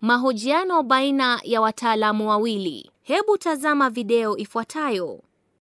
Mahojiano baina ya wataalamu wawili. Hebu tazama video ifuatayo.